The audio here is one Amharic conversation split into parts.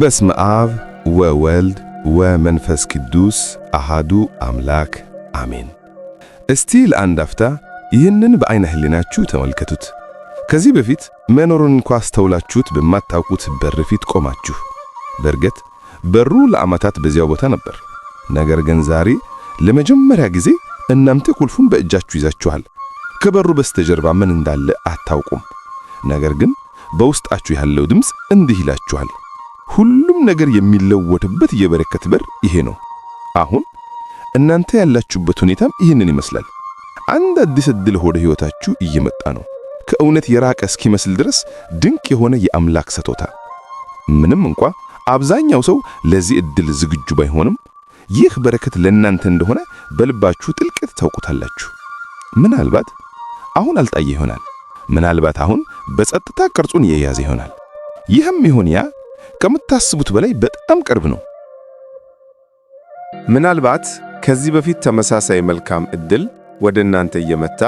በስመ አብ ወወልድ ወመንፈስ ቅዱስ አሃዱ አምላክ አሜን። እስቲ ለአንድ አፍታ ይህንን በዐይነ ሕሊናችሁ ተመልከቱት። ከዚህ በፊት መኖሩን እንኳ አስተውላችሁት በማታውቁት በር ፊት ቆማችሁ። በእርግጥ በሩ ለዓመታት በዚያው ቦታ ነበር። ነገር ግን ዛሬ ለመጀመሪያ ጊዜ እናንተ ቁልፉን በእጃችሁ ይዛችኋል። ከበሩ በስተጀርባ ምን እንዳለ አታውቁም። ነገር ግን በውስጣችሁ ያለው ድምፅ እንዲህ ይላችኋል ሁሉም ነገር የሚለወጥበት የበረከት በር ይሄ ነው። አሁን እናንተ ያላችሁበት ሁኔታም ይህንን ይመስላል። አንድ አዲስ እድል ወደ ሕይወታችሁ እየመጣ ነው፣ ከእውነት የራቀ እስኪመስል ድረስ ድንቅ የሆነ የአምላክ ስጦታ። ምንም እንኳ አብዛኛው ሰው ለዚህ እድል ዝግጁ ባይሆንም ይህ በረከት ለእናንተ እንደሆነ በልባችሁ ጥልቀት ታውቁታላችሁ። ምናልባት አሁን አልታየ ይሆናል። ምናልባት አሁን በጸጥታ ቅርጹን የያዘ ይሆናል። ይህም ይሁን ያ ከምታስቡት በላይ በጣም ቅርብ ነው። ምናልባት ከዚህ በፊት ተመሳሳይ መልካም ዕድል ወደ እናንተ እየመታ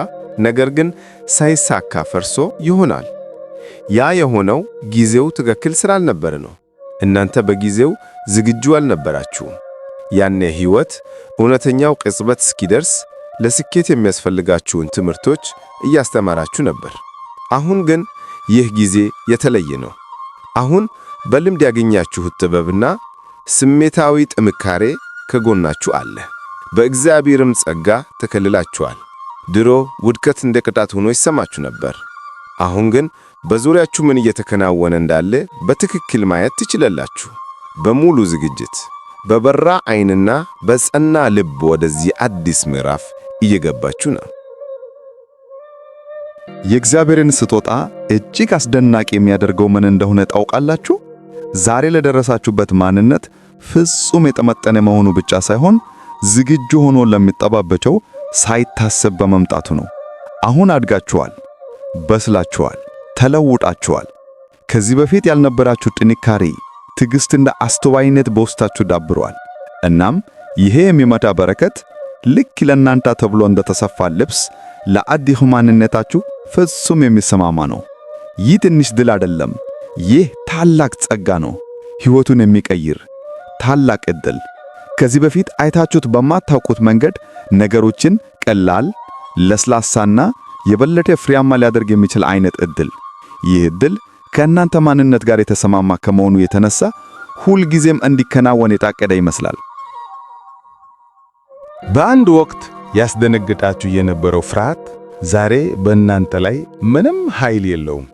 ነገር ግን ሳይሳካ ፈርሶ ይሆናል። ያ የሆነው ጊዜው ትክክል ስላልነበረ ነው። እናንተ በጊዜው ዝግጁ አልነበራችሁም። ያኔ ሕይወት እውነተኛው ቅጽበት እስኪደርስ ለስኬት የሚያስፈልጋችሁን ትምህርቶች እያስተማራችሁ ነበር። አሁን ግን ይህ ጊዜ የተለየ ነው። አሁን በልምድ ያገኛችሁት ጥበብና ስሜታዊ ጥንካሬ ከጎናችሁ አለ። በእግዚአብሔርም ጸጋ ተከልላችኋል። ድሮ ውድቀት እንደ ቅጣት ሆኖ ይሰማችሁ ነበር። አሁን ግን በዙሪያችሁ ምን እየተከናወነ እንዳለ በትክክል ማየት ትችላላችሁ። በሙሉ ዝግጅት፣ በበራ ዓይንና በጸና ልብ ወደዚህ አዲስ ምዕራፍ እየገባችሁ ነው። የእግዚአብሔርን ስጦታ እጅግ አስደናቂ የሚያደርገው ምን እንደሆነ ታውቃላችሁ? ዛሬ ለደረሳችሁበት ማንነት ፍጹም የተመጠነ መሆኑ ብቻ ሳይሆን ዝግጁ ሆኖ ለሚጠባበቸው ሳይታሰብ በመምጣቱ ነው። አሁን አድጋችኋል፣ በስላችኋል፣ ተለውጣችኋል። ከዚህ በፊት ያልነበራችሁ ጥንካሬ፣ ትዕግሥትና አስተዋይነት በውስጣችሁ ዳብሯል። እናም ይሄ የሚመጣ በረከት ልክ ለእናንተ ተብሎ እንደተሰፋ ልብስ ለአዲሁ ማንነታችሁ ፍጹም የሚሰማማ ነው። ይህ ትንሽ ድል አይደለም። ይህ ታላቅ ጸጋ ነው፣ ሕይወቱን የሚቀይር ታላቅ ዕድል። ከዚህ በፊት አይታችሁት በማታውቁት መንገድ ነገሮችን ቀላል፣ ለስላሳና የበለጠ ፍሬያማ ሊያደርግ የሚችል አይነት ዕድል። ይህ ዕድል ከእናንተ ማንነት ጋር የተሰማማ ከመሆኑ የተነሳ ሁልጊዜም እንዲከናወን የታቀደ ይመስላል። በአንድ ወቅት ያስደነግጣችሁ የነበረው ፍርሃት ዛሬ በእናንተ ላይ ምንም ኃይል የለውም።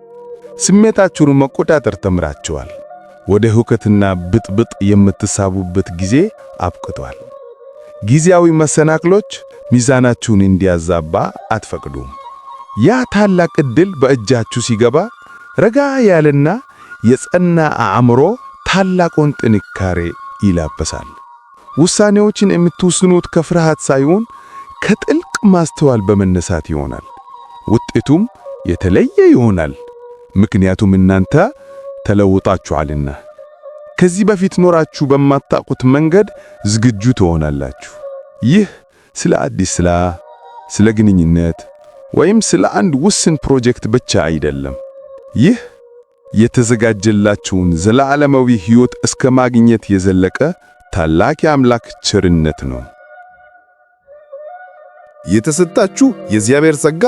ስሜታችሁን መቆጣጠር ተምራችኋል። ወደ ሁከትና ብጥብጥ የምትሳቡበት ጊዜ አብቅቷል። ጊዜያዊ መሰናክሎች ሚዛናችሁን እንዲያዛባ አትፈቅዱም። ያ ታላቅ ዕድል በእጃችሁ ሲገባ ረጋ ያለና የጸና አእምሮ ታላቁን ጥንካሬ ይላበሳል። ውሳኔዎችን የምትወስኑት ከፍርሃት ሳይሆን ከጥልቅ ማስተዋል በመነሳት ይሆናል። ውጤቱም የተለየ ይሆናል፣ ምክንያቱም እናንተ ተለውጣችኋልና። ከዚህ በፊት ኖራችሁ በማታውቁት መንገድ ዝግጁ ትሆናላችሁ። ይህ ስለ አዲስ ስራ፣ ስለ ግንኙነት ወይም ስለ አንድ ውስን ፕሮጀክት ብቻ አይደለም። ይህ የተዘጋጀላችሁን ዘላለማዊ ሕይወት እስከ ማግኘት የዘለቀ ታላቅ የአምላክ ቸርነት ነው። የተሰጣችሁ የእግዚአብሔር ጸጋ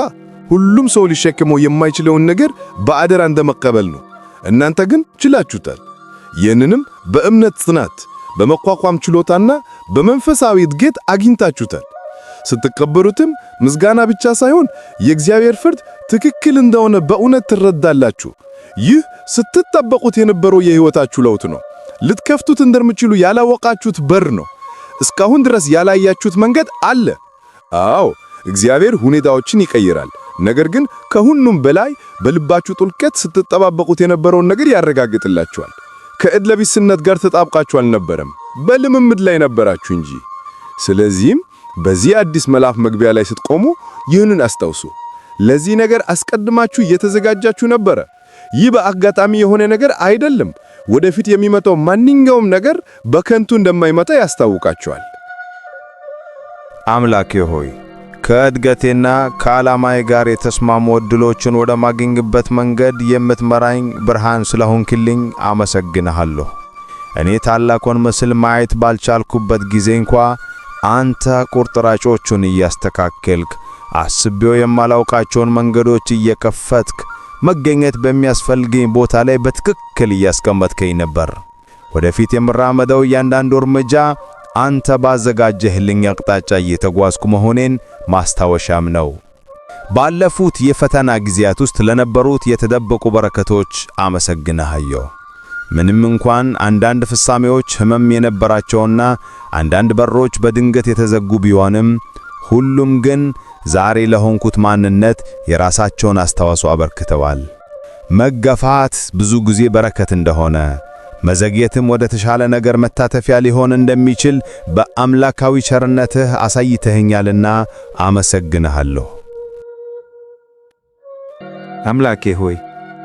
ሁሉም ሰው ሊሸክመው የማይችለውን ነገር በአደራ እንደመቀበል ነው። እናንተ ግን ችላችሁታል። ይህንንም በእምነት ጽናት፣ በመቋቋም ችሎታና በመንፈሳዊ እድገት አግኝታችሁታል። ስትቀበሉትም ምስጋና ብቻ ሳይሆን የእግዚአብሔር ፍርድ ትክክል እንደሆነ በእውነት ትረዳላችሁ። ይህ ስትጠበቁት የነበረው የሕይወታችሁ ለውጥ ነው። ልትከፍቱት እንደምትችሉ ያላወቃችሁት በር ነው። እስካሁን ድረስ ያላያችሁት መንገድ አለ። አዎ እግዚአብሔር ሁኔታዎችን ይቀይራል። ነገር ግን ከሁሉም በላይ በልባችሁ ጥልቀት ስትጠባበቁት የነበረውን ነገር ያረጋግጥላችኋል። ከዕድለቢስነት ጋር ተጣብቃችሁ አልነበረም፣ በልምምድ ላይ ነበራችሁ እንጂ። ስለዚህም በዚህ አዲስ ምዕራፍ መግቢያ ላይ ስትቆሙ ይህንን አስታውሱ። ለዚህ ነገር አስቀድማችሁ እየተዘጋጃችሁ ነበረ። ይህ በአጋጣሚ የሆነ ነገር አይደለም። ወደፊት የሚመጣው ማንኛውም ነገር በከንቱ እንደማይመጣ ያስታውቃችኋል። አምላኬ ሆይ ከእድገቴና ከዓላማዬ ጋር የተስማሙ ዕድሎችን ወደ ማግኝበት መንገድ የምትመራኝ ብርሃን ስለሆንክልኝ አመሰግንሃለሁ። እኔ ታላቁን ምስል ማየት ባልቻልኩበት ጊዜ እንኳ አንተ ቁርጥራጮቹን እያስተካከልክ አስቤው የማላውቃቸውን መንገዶች እየከፈትክ መገኘት በሚያስፈልገኝ ቦታ ላይ በትክክል እያስቀመጥከኝ ነበር። ወደፊት የምራመደው እያንዳንዱ እርምጃ አንተ ባዘጋጀህልኝ አቅጣጫ እየተጓዝኩ መሆኔን ማስታወሻም ነው። ባለፉት የፈተና ጊዜያት ውስጥ ለነበሩት የተደበቁ በረከቶች አመሰግንሃለሁ። ምንም እንኳን አንዳንድ ፍጻሜዎች ህመም የነበራቸውና አንዳንድ በሮች በድንገት የተዘጉ ቢሆንም ሁሉም ግን ዛሬ ለሆንኩት ማንነት የራሳቸውን አስተዋጽኦ አበርክተዋል። መገፋት ብዙ ጊዜ በረከት እንደሆነ መዘግየትም ወደ ተሻለ ነገር መታተፊያ ሊሆን እንደሚችል በአምላካዊ ቸርነትህ አሳይተኸኛልና አመሰግንሃለሁ። አምላኬ ሆይ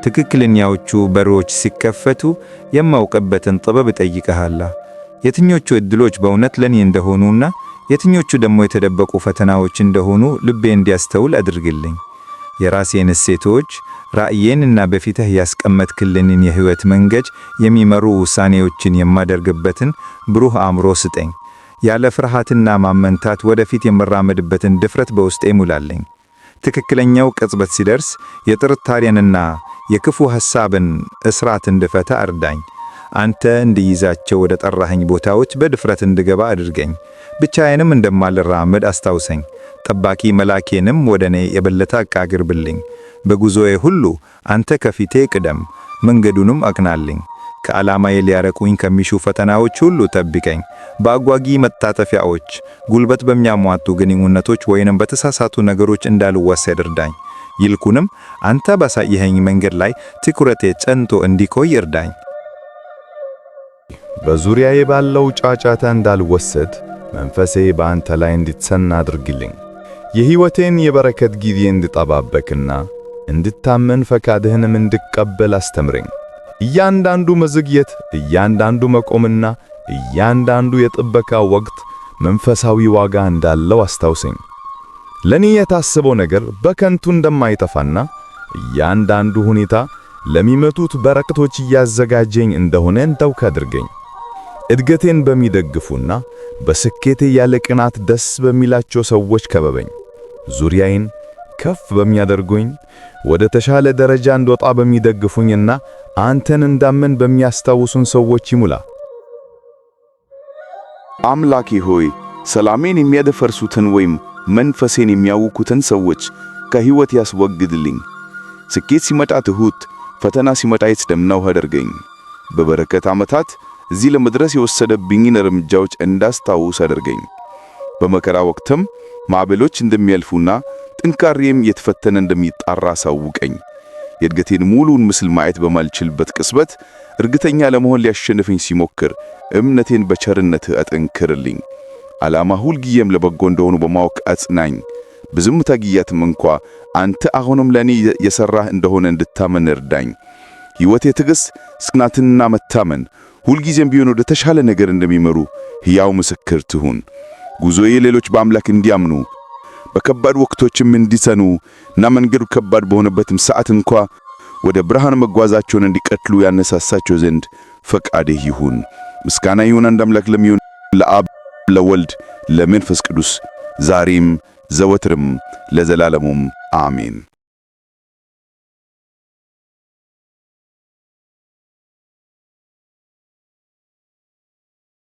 ትክክለኛዎቹ በሮች ሲከፈቱ የማውቅበትን ጥበብ እጠይቀሃለሁ። የትኞቹ ዕድሎች በእውነት ለኔ እንደሆኑና የትኞቹ ደግሞ የተደበቁ ፈተናዎች እንደሆኑ ልቤ እንዲያስተውል አድርግልኝ። የራሴን እሴቶች፣ ራእዬንና በፊትህ ያስቀመጥክልንን የሕይወት መንገድ የሚመሩ ውሳኔዎችን የማደርግበትን ብሩህ አእምሮ ስጠኝ። ያለ ፍርሃትና ማመንታት ወደፊት የምራመድበትን ድፍረት በውስጤ ሙላለኝ። ትክክለኛው ቅጽበት ሲደርስ የጥርጣሬንና የክፉ ሐሳብን እስራት እንድፈታ እርዳኝ። አንተ እንድይዛቸው ወደ ጠራኸኝ ቦታዎች በድፍረት እንድገባ አድርገኝ። ብቻዬንም እንደማልራመድ አስታውሰኝ። ጠባቂ መላኬንም ወደ እኔ የበለጠ አቃግርብልኝ። በጉዞዬ ሁሉ አንተ ከፊቴ ቅደም፣ መንገዱንም አቅናልኝ። ከዓላማዬ ሊያረቁኝ ከሚሹ ፈተናዎች ሁሉ ጠብቀኝ። በአጓጊ መታጠፊያዎች፣ ጉልበት በሚያሟቱ ግንኙነቶች ወይንም በተሳሳቱ ነገሮች እንዳልወሰድ እርዳኝ። ይልኩንም አንተ ባሳየኸኝ መንገድ ላይ ትኩረቴ ጸንቶ እንዲቆይ እርዳኝ። በዙሪያዬ ባለው ጫጫታ እንዳልወሰድ መንፈሴ በአንተ ላይ እንድትሰና አድርግልኝ። የሕይወቴን የበረከት ጊዜ እንድጠባበቅና እንድታመን ፈቃድህንም እንድቀበል አስተምረኝ። እያንዳንዱ መዘግየት፣ እያንዳንዱ መቆምና እያንዳንዱ የጥበቃ ወቅት መንፈሳዊ ዋጋ እንዳለው አስታውሰኝ። ለኔ የታሰበው ነገር በከንቱ እንደማይጠፋና እያንዳንዱ ሁኔታ ለሚመቱት በረከቶች እያዘጋጀኝ እንደሆነ እንዳውቅ አድርገኝ። እድገቴን በሚደግፉና በስኬቴ ያለ ቅናት ደስ በሚላቸው ሰዎች ከበበኝ። ዙሪያዬን ከፍ በሚያደርጉኝ ወደ ተሻለ ደረጃ እንድወጣ በሚደግፉኝና አንተን እንዳመን በሚያስታውሱን ሰዎች ይሙላ። አምላኬ ሆይ ሰላሜን የሚያደፈርሱትን ወይም መንፈሴን የሚያውኩትን ሰዎች ከሕይወት ያስወግድልኝ። ስኬት ሲመጣ ትሑት፣ ፈተና ሲመጣ የት አደርገኝ። በበረከት ዓመታት እዚህ ለመድረስ የወሰደብኝን እርምጃዎች እንዳስታውስ አደርገኝ። በመከራ ወቅትም ማዕበሎች እንደሚያልፉና ጥንካሬም የተፈተነ እንደሚጣራ አሳውቀኝ። የእድገቴን ሙሉውን ምስል ማየት በማልችልበት ቅጽበት እርግተኛ ለመሆን ሊያሸንፈኝ ሲሞክር እምነቴን በቸርነትህ አጠንክርልኝ። ዓላማ ሁልጊዜም ለበጎ እንደሆኑ በማወቅ አጽናኝ። ብዙም ጊዜያትም እንኳ አንተ አሁንም ለእኔ የሠራህ እንደሆነ እንድታመን እርዳኝ። ሕይወቴ ትዕግሥት፣ ጽናትና መታመን ሁልጊዜም ቢሆን ወደ ተሻለ ነገር እንደሚመሩ ሕያው ምስክር ትሁን። ጉዞዬ ሌሎች በአምላክ እንዲያምኑ በከባድ ወቅቶችም እንዲሰኑ እና መንገዱ ከባድ በሆነበትም ሰዓት እንኳ ወደ ብርሃን መጓዛቸውን እንዲቀጥሉ ያነሳሳቸው ዘንድ ፈቃድህ ይሁን። ምስጋና ይሁን አንድ አምላክ ለሚሆን ለአብ ለወልድ ለመንፈስ ቅዱስ ዛሬም ዘወትርም ለዘላለሙም አሜን።